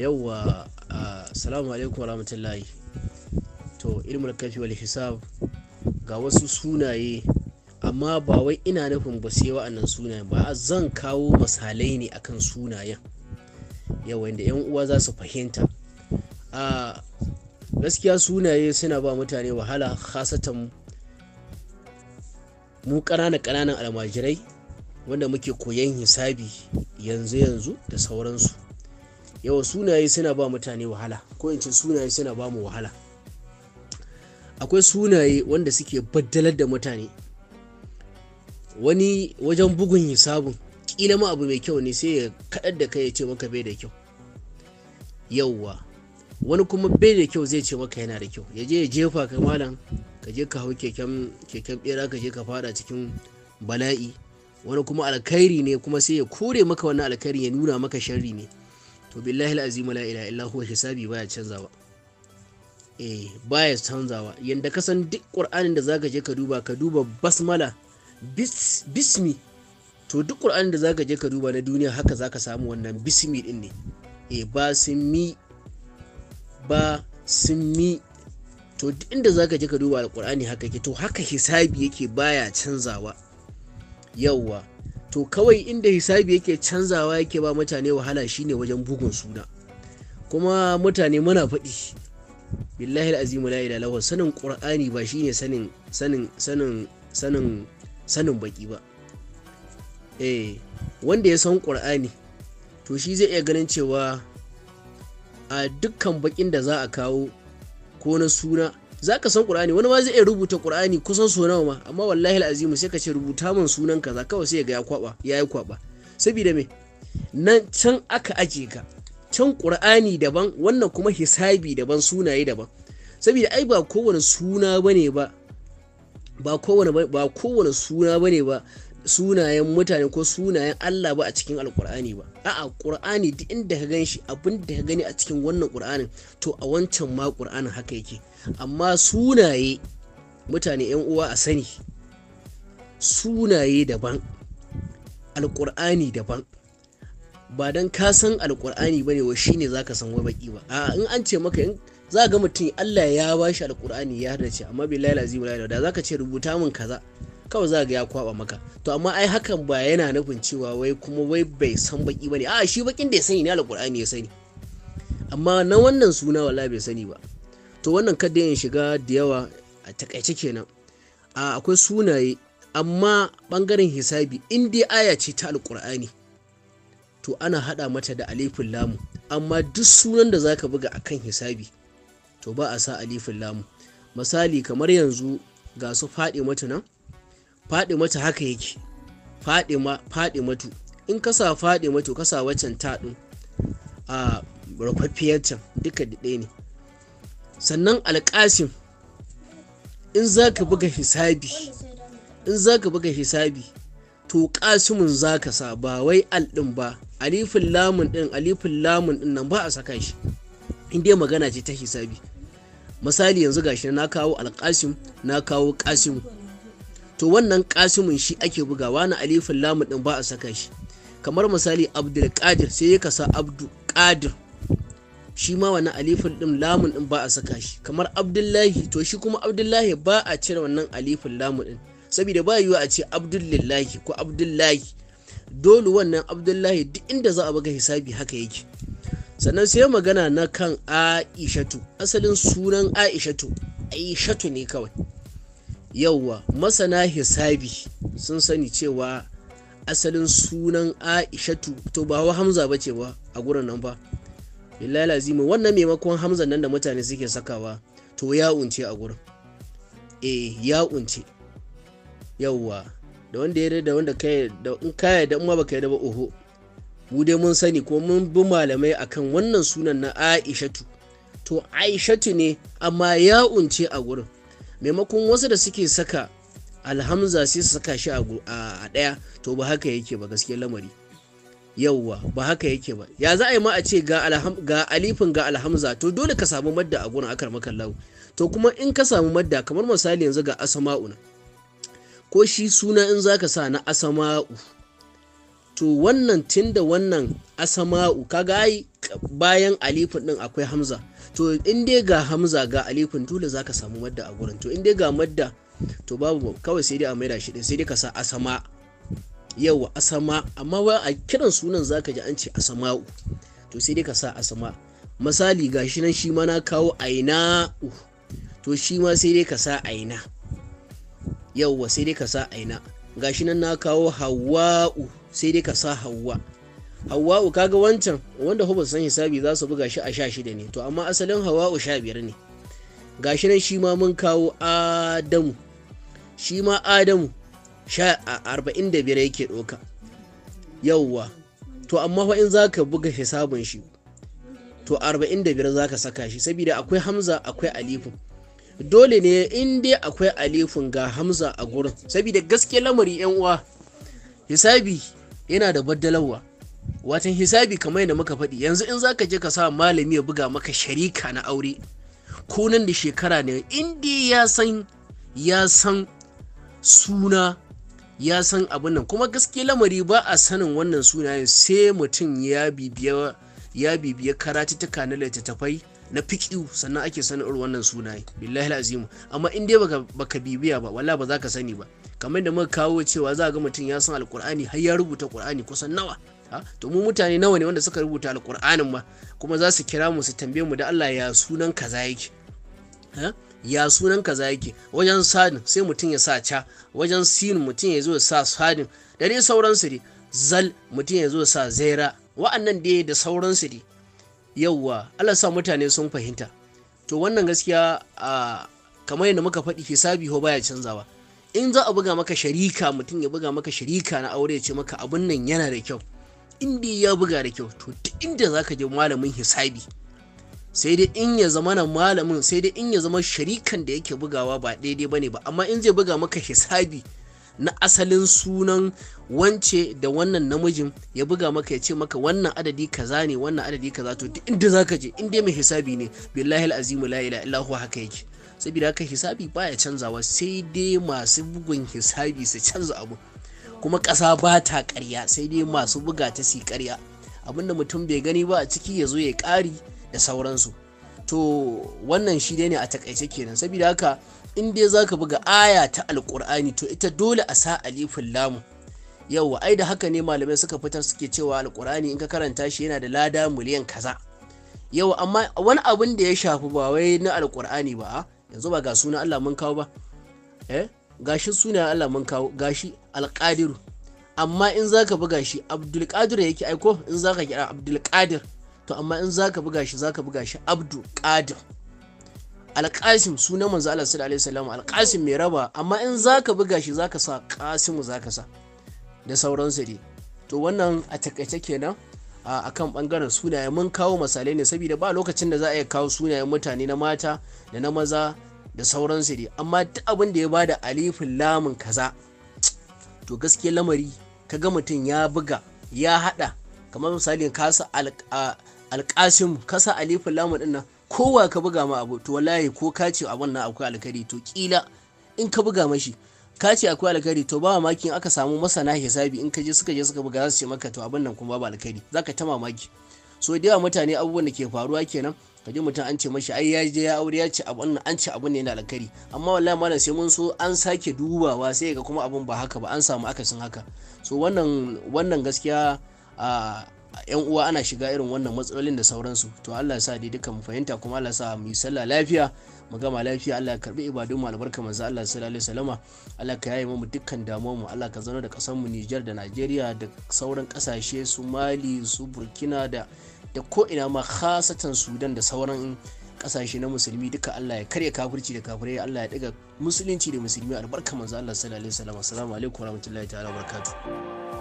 yawwa ah, assalamu alaikum warahmatullahi to da kafi wal hisab ga wasu sunaye amma ba wai ina nufin ba sai wa'annan sunayen ba zan kawo misalai ne akan sunayen yawa inda yan uwa za su fahimta a ah, gaskiya sunaye suna ba mutane wahala khasatan mu ƙanana ƙananan almajirai wanda muke koyan hisabi yanzu yanzu da sauransu yawa sunaye suna ba mutane wahala ko in ce sunaye suna ba mu wahala akwai sunaye wanda suke baddalar da mutane wani wajen bugun hisabun kila ma abu mai kyau ne sai ya kaɗar da kai ya ce maka bai da kyau yauwa wani kuma bai da kyau zai ce maka yana da kyau ya je ya jefa ka malam ka je ka hau keken bera ka je ka fada cikin bala'i wani kuma alkhairi ne kuma sai ya kore maka wani alkhairi ya nuna maka sharri ne to billahi alazim la ilaha illa huwa hisabi baya canzawa eh baya canzawa yanda ka san duk qur'anin da zaka je ka duba ka duba basmala bismi to duk qur'anin da zaka je ka duba na duniya haka zaka samu wannan bismi din ne eh ba mi ba mi to duk inda zaka je ka duba alqur'ani haka ke to haka hisabi yake baya canzawa yawwa to kawai inda hisabi yake canzawa yake ba mutane wahala shine wajen bugun suna kuma mutane muna faɗi billahi azimu la ilaha illallah sanin qur'ani ba shine sanin sanin sanin sanin sanin baki ba eh wanda ya san qur'ani to shi zai iya ganin cewa a dukkan bakin da za a kawo ko na suna zaka san ƙurani wani ma zai iya rubuta ƙur'ani kusan so nawa ma amma wallahi al'azimu sai ka ce rubuta min sunan ka kaza kawai sai ga ya kwaba yi kwaba saboda me nan can aka aje ka can ƙur'ani daban wannan kuma hisabi daban sunaye daban saboda ai ba kowane suna bane ba ba kowane suna bane ba sunayen mutane ko sunayen Allah ba a cikin alkur'ani ba a'a qur'ani duk inda ka gan shi abin da ka gani a cikin wannan qur'anin to a wancan ma qur'anin haka yake amma sunaye mutane yan uwa a sani sunaye daban alkur'ani daban ba dan ka san alkur'ani ne wa shine zaka san wai baki ba a'a in an ce maka in za ga mutum Allah ya bashi alkur'ani ya dace amma billahi lazi da zaka ce rubuta min kaza kawai za ga ya kwaba maka to amma ai hakan ba yana nufin cewa wai kuma wai bai san baki bane a shi bakin da ya sani ne alqur'ani ya sani amma na wannan suna wala bai sani ba to wannan kada yin shiga da yawa a takaice kenan a akwai sunaye amma bangaren hisabi in dai aya ce ta alqur'ani to ana hada mata da alifin lamu amma duk sunan da zaka buga akan hisabi to ba a sa alifin lamu misali kamar yanzu ga su faɗi mata nan faɗi mata haka yake faɗi ma faɗi matu in kasa faɗi matu ka sa waccan ta ɗin a rufaffiyar can duka da ne sannan alƙasim in za ka buga hisabi in za ka buga hisabi to ƙasimin za ka sa ba wai al ɗin ba alifin lamun ɗin alifin lamun ɗin nan ba a saka shi in magana ce ta hisabi misali yanzu gashi na kawo alƙasim na kawo ƙasimu to wannan kasimun shi ake bugawa na alifin lamu din ba a saka shi kamar misali abdul sai ya kasa abdu qadir shi ma wani alifin din lamun din ba a saka shi kamar abdullahi to shi kuma abdullahi ba a cire wannan alifin lamun din saboda ba yiwa a ce abdullahi ko abdullahi dole wannan abdullahi duk inda za a buga hisabi haka yake sannan sai magana na kan aishatu asalin sunan aishatu aishatu ne kawai yauwa masana hisabi sun sani cewa asalin sunan aishatu to ba wa hamza ba ce a gurin nan ba billahi lazima wannan maimakon hamza nan da mutane suke sakawa to ya unce a gurin e ya unce yauwa da wanda ya da wanda kai da in kaya da ma baka yi da ba oho mu dai mun sani ko mun bi malamai akan wannan sunan na aishatu to aishatu ne amma ya unce a gurin maimakon wasu da suke saka alhamza sai su saka shi a ɗaya to ba haka yake ba gaskiya lamari yauwa ba haka yake ba ya za a yi ma a ce ga alifin ga alhamza to dole ka samu madda a gurin akar lau to kuma in ka samu madda kamar misali yanzu ga asama'una ko shi suna in za ka sa na asama'u to wannan tun da wannan asama'u kaga ai bayan alifin din akwai hamza to in dai ga hamza ga alifin dole zaka samu madda a gurin to in dai ga madda to babu kawai sai dai a maida shi din sai dai ka sa asama yawa asama amma wa a kiran sunan zaka ji an ce asama'u to sai dai ka sa asama misali ga shi nan shi ma na kawo aina to shi ma sai dai ka sa aina yawa sai dai ka sa aina gashi nan na kawo hawa'u sai dai ka sa hawa u kaga wancan wanda ba san hisabi za su buga shi a sha shida ne to amma asalin u sha biyar ne gashi nan shi ma mun kawo adamu shi ma adamu sha a arba'in da biyar yake ɗauka yauwa to amma fa in za ka buga hisabin shi to arba'in da biyar za ka saka shi saboda akwai hamza akwai alifin dole ne in dai akwai alifin ga hamza a gurin saboda gaske lamari yan uwa hisabi yana da baddalarwa watan hisabi kamar yadda muka faɗi yanzu in zaka je ka sa malami ya buga maka sharika na aure ko nan da shekara ne indi ya san ya san suna ya san abin nan kuma gaske lamari ba a sanin wannan sunayen sai mutum ya bibiya ya bibiya na littattafai na fikiu sannan ake sanin wannan sunaye billahi alazim amma in dai baka bibiya ba wala ba za ka sani ba kamar da muka kawo cewa za ga mutum ya san alkur'ani har ya rubuta qur'ani kusan nawa to mu mutane nawa ne wanda suka rubuta alkur'anin ma kuma za su kira mu su tambaye mu da Allah ya sunan kaza yake ya sunan kaza yake wajen sadin sai mutum ya sa ca wajen sin mutum ya zo sa sadin da dai sauransu dai zal mutum ya zo sa zaira wa'annan dai da sauransu dai yauwa Allah sa mutane sun fahimta to wannan gaskiya kamar yadda muka faɗi hisabi ho baya canzawa in za a buga maka sharika mutum ya buga maka sharika na aure ya ce maka abun nan yana da kyau inda ya buga da kyau to duk inda za ka je malamin hisabi sai dai in ya zama na malamin sai dai in ya zama sharikan da yake bugawa ba daidai ba ne ba amma in zai buga maka hisabi na asalin sunan wance da wannan namijin ya buga maka ya ce maka wannan adadi kaza ne wannan adadi kaza to duk inda ka je inda mai hisabi ne billahi alazim la ilaha illa haka yake saboda haka hisabi baya canzawa sai dai masu bugun hisabi su canza abu kuma ƙasa ba ta ƙarya sai dai masu buga ta su ƙarya abinda mutum bai gani ba a ciki ya zo ya ƙari da sauransu to wannan shi dai ne a takaice kenan saboda haka in dai za ka buga aya ta alƙur'ani to ita dole a sa alifin lamu yauwa ai da haka ne malamai suka fitar suke cewa alƙur'ani in ka karanta shi yana da lada miliyan kaza yau amma wani abin da ya shafi ba wai na alkur'ani ba yanzu ba ga suna Allah mun kawo ba eh gashi suna Allah mun kawo gashi alqadiru amma in zaka buga shi abdul qadir yake aiko in zaka kira abdul qadir to amma in zaka buga shi zaka buga shi abdul qadir alqasim sunan manzo Allah sallallahu alaihi wasallam alqasim mai raba amma in zaka buga shi zaka sa qasim zaka sa da sauransu dai to wannan a takaice kenan a kan bangaren sunaye mun kawo misalai ne saboda ba lokacin da za a iya kawo sunayen mutane na mata da na maza da sauransu dai amma duk abin da ya bada alifin lamun kaza to gaskiya lamari kaga mutum ya buga ya hada kamar misali kasa alkasim kasa alifin lamun din nan kowa ka buga ma abu to wallahi ko kace ce a wannan akwai alkari to kila in ka buga mashi ka ce akwai alkhairi to ba mamaki in aka samu masana hisabi in ka je suka je suka buga za su ce maka to abin nan kuma ba alkhairi zaka ta mamaki so da yawa mutane abubuwan da ke faruwa kenan ka ji mutum an ce mashi ai ya je ya aure ya ce abun an ce abun ne na alkhairi amma wallahi malam sai mun so an sake dubawa sai ga kuma abin ba haka ba an samu akasin haka so wannan wannan gaskiya a ah, yan uwa ana shiga irin wannan matsalolin da sauransu to Allah ya sa dai duka mu fahimta kuma Allah ya sa mu yi sallah lafiya mu gama lafiya Allah ya karbi ibadun mu albarka manzo Allah sallallahu alaihi wasallama Allah ka yaye mu dukkan damuwar mu Allah ka zauna da kasar mu Niger da Nigeria da sauran kasashe su Mali su Burkina da da ko ina ma khasatan Sudan da sauran kasashe na musulmi duka Allah ya karya kafirci da kafirai Allah ya daga musulunci da musulmi albarka manzo Allah sallallahu alaihi wasallama assalamu alaikum warahmatullahi ta'ala wabarakatuh